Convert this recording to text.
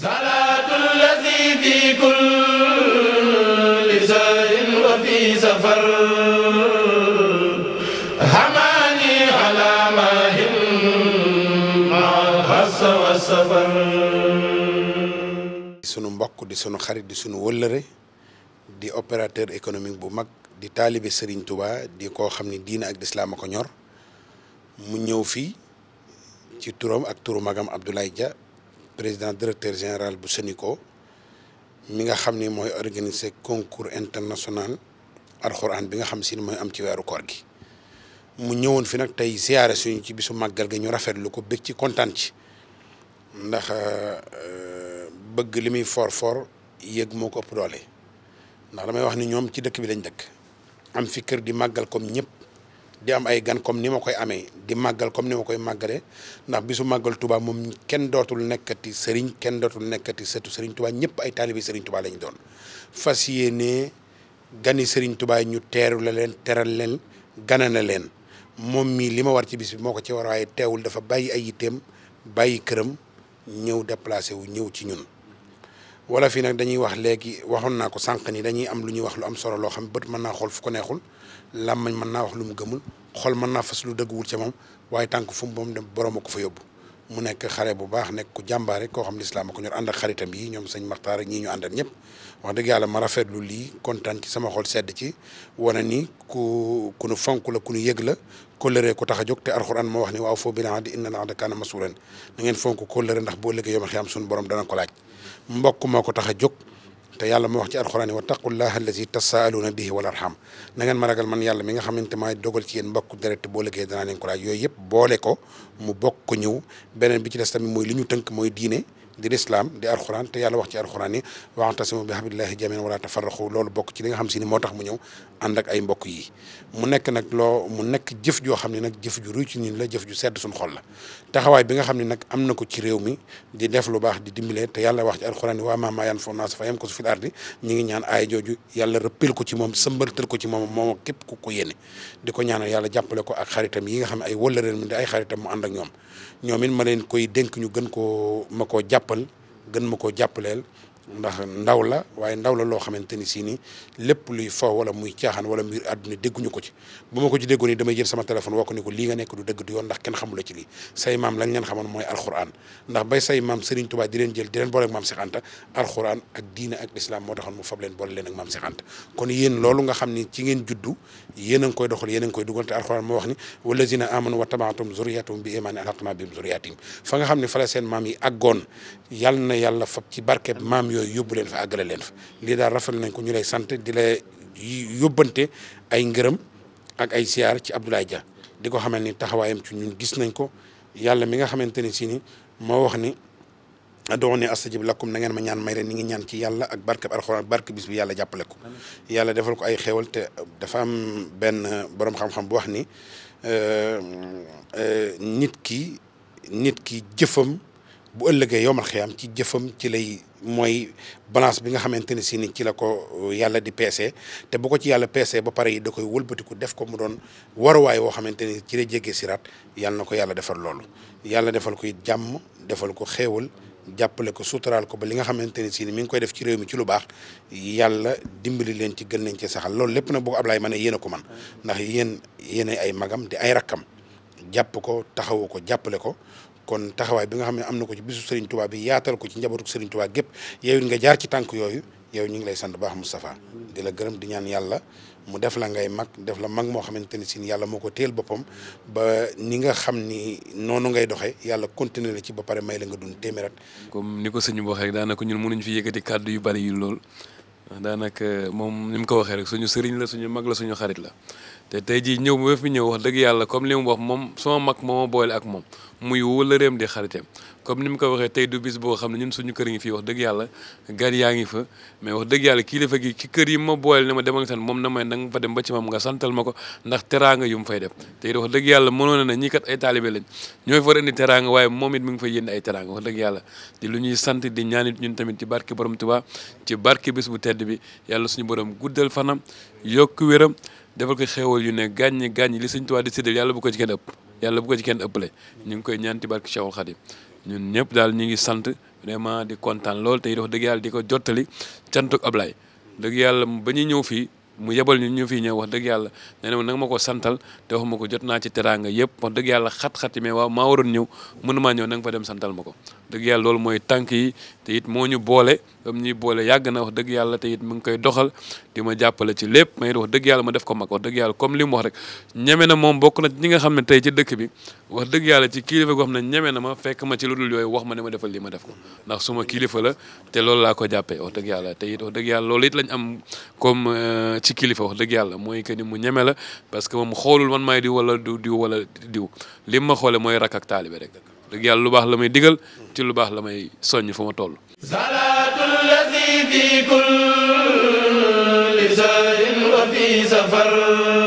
صلاة الذي في كل سهر وفي سفر حماني على ماهن مع الحس والسفر sunu mbokk di sunu xarit di sunu wëllëre di opérateur économique bu mag di taalibe Serigne Touba di koo xam ni diina ak lislaam a ko ñor mu ñëw fii ci turam ak turu magam Abdoulaye Dia président directeur général bu Senico mi nga xam ni mooy organiser concours international alxuraan bi nga xam si ni mooy am ci weeru koor gi mu ñëwoon fi nag tey ziyaare suñ ci bisu màggal ga ñu rafetlu ko bég ci kontaan ci ndax euh, bëgg li muy for for moo ko ëpp doole ndax damay wax ni ñoom ci dëkk bi lañ dëkk am fi kër di màggal comme ñëpp di am ay gan comme ni ma koy amee di màggal comme ni ma koy màggalee ndax bisu màggal Touba moom kenn dootul nekkati Serigne kenn dootul nekkati sëtu Serigne Touba ñëpp ay taalibi Serigne Touba lañ doon fas yéenee gani Serigne tubaay ñu teeru la leen teral leen ganana leen moom mii li ma war ci bis bi moo ko ci war waaye teewul dafa bàyyi ay yitteem bàyyi këram ñëw déplacé wu ñëw ci ñun. wala fii nag dañuy wax léegi waxoon naa ko sànq ni dañuy am lu ñuy wax lu am solo loo xam bët mën naa xool fu ko neexul làmmañ mën naa wax lu mu gëmul xol mën naa fas lu dëgguwul ca moom waaye tànk fu mu moom dem borom a ko fa yóbbu mu nekk xare bu baax nekk ku jàmbaare koo xam lislaam a ko ñor ànd ak xaritam yi ñoom sëñ Maxtaar ñu àndal ñëpp wax dëgg yàlla ma rafetlu lii kontaan ci sama xol sedd ci wane ni ku ku nu fonk la ku nu yëg la kóllëre ko tax a jóg te alxuraan moo wax ni waaw foo bi naa di inna naa da kaana dana ko laaj mbokk moo ko tax a jóg te yàlla moo wax ci alxuraan wa taqullaha allazi tasaaluuna bihi wal arham na ngeen ma ragal man yàlla mi nga xamante maay dogal ci yéen mbokk direct boo liggéey danaa leen ko laaj yooyu yëpp boole ko mu bokk ñëw beneen bi ci des tamit mooy li ñu tënk mooy diine di lislaam di alxuraan te yàlla wax ci alxuraan yi wa'tasimu bi hablillahi jamii'an wala tafarraqu loolu bokk ci li xam si ni moo tax mu ñëw ànd ay mbokk yi mu nekk nag loo mu nekk jëf joo xam ne nag jëf ju ruy ci ñun la jëf ju sedd suñ xol la taxawaay bi nga xam ne nag am na ko ci réew mi di def lu baax di dimbale te yàlla wax ci alxuraan yi wa maa yanfa'u naasa fa yamkusu fil ardi ñi ngi ñaan aay jooju yàlla rëppil ko ci moom sëmbaltal moom moom ak ku ko yéene di ko ñaanal yàlla jàppale ko ak xaritam yi nga xam ne ay wëllëreen mi di ay xaritam mu ànd ak ñoom ñoom ma koo ma jàppal gën ma koo jàppaleel ndax ndaw la waaye ndaw la loo xamante ni si ni lépp luy fo wala muy caaxaan wala mbir àdduna dégguñu ko ci bu ma ko ci déggoon ni damay jël sama téléphone woo ko ni ko lii nga nekk du dëgg du yoon ndax kenn xamula ci lii say maam lañ leen xamoon mooy alxuraan ndax bay say maam Serigne Touba di leen jël di leen boole ak maam Cheikh Anta alxuraan ak diine ak lislaam moo taxoon mu fab leen boole maam Cheikh kon yéen loolu nga xam ni ci ngeen juddu yéen a koy doxal yéen a ngi koy dugal te alxuraan ni walazina amanu wa tabaatum zuriyatahum bi fa nga xam yóbbu leen fa àggale leen fa lii daal rafet nañ ko ñu lay sant di la yóbbante ay ngërëm ak ay siyaar ci Abdoulaye Dia di ko xamal ni taxawaayam ci ñun gis nañ ko yàlla mi nga xamante ni si moo wax ni a doon ni astajib lakum na ngeen ma ñaan may ren ni ngi ñaan ci yàlla ak barke alxuraan barke bis bi yàlla jàppale ko yàlla defal ko ay xéewal te dafa am benn borom xam-xam bu wax ni euh, euh, nit ki nit ki jëfam bu ëllëgee yomal xiyaam ci jëfam ci lay mooy balance bi nga xamante ne si ni ci la ko yàlla di peese te bu ko ci yàlla peese ba pare yi da koy wëlbatiku def ko mu doon waruwaay woo xamante ni ci la jéggee siraat yàlla na ko yàlla defal loolu yàlla defal ko it jàmm defal ko xéewal jàppale ko suturaal ko ba li nga xamante ne si ni mi ngi koy def ci réew mi ci lu baax yàlla dimbali leen ci gën nañ ci saxal loolu lépp nag boo ko Ablaye ma ne ko man ndax yéen yéen ay magam di ay rakkam jàpp ko taxawu ko jàppale ko kon taxawaay bi nga xam ne am na ko ci bisu Serigne Touba bi yaatal ko ci njabootu Serigne Touba gépp yow nga jaar ci tànk yooyu yow ñu ngi lay sant baax safaa di la gërëm di ñaan yàlla mu def la ngay mag def la mag moo xamante ni sin yàlla moo ko téel boppam ba ni nga xam ni noonu ngay doxee yàlla continuer la ci ba pare may la nga dun téeméer at comme ni ko sëñ bi waxee daanaka ñun mënuñ fi yëkkati kàddu yu bari yu lool daanaka moom ni mu ko waxee rek suñu sëriñ la suñu mag la suñu xarit la te tey jii ñëw ba fi ñëw wax dëgg yàlla comme li mu wax moom moo ma boole ak moom muy wëllëreem di ko waxee tey du bis boo xam ne ñun suñu kër ngi fii wax dëgg yàlla gan yaa ngi kilifa gi ci kër yi ma boole ne ma demal tan moom ba ci moom nga santal ma ko ndax teraanga yu mu fay def tey wax dëgg yàlla mënoon na ñi kat ay taalibe lañ ñooy fa indi teraanga waaye moom it mi ngi fay yénn ay teraanga wax dëgg yàlla di lu ñuy sant di ñaanit ñun tamit ci barke borom Tuubaa ci barke bis bu tedd tedd bi yàlla suñu borom guddal fanam yokk wéram defal ko xéewal yu ne gàññi gàññi li suñ tubaab di séddal yàlla bu ko ci kenn ëpp yàlla bu ko ci kenn ëppale ñu ngi koy ñaan ci barke Cheikhul Khadim ñun ñëpp daal ñu ngi sant vraiment di kontaan lool te it wax dëgg yàlla di ko jottali cantuk Ablaye dëgg yàlla ba ñu ñëw fii mu yebal ñu ñu fii ñëw wax dëgg yàlla nee na ma ma ko santal te wax ma ko jot naa ci teraanga yëpp wax dëgg yàlla xat-xat yi mais waaw maa waroon ñëw mënumaa ñëw na nga fa dem ma ko ba mu boole yàgg na wax dëgg yàlla te it mu ngi koy doxal di ma jàppale ci lépp may wax dëgg yàlla ma def ko mag wax dëgg yàlla comme li mu wax rek ñeme na moom bokk na ñi nga xam ne tey ci dëkk bi wax dëgg yàlla ci kilifa goo xam ñeme na ma fekk ma ci lu dul yooyu wax ma ne ma defal li ma def ko ndax suma kilifa la te loolu ko jàppee wax dëgg yàlla te it wax dëgg am comme euh, ci kilifa dëgg yàlla mooy que ni mu ñeme la parce que moom xoolul man maay diw wala du diw wala diw li ma xoole mooy rakk rek dëgg yàlla lu baax la may digal ci lu baax la may soññ fu ma toll في كل زار وفي سفر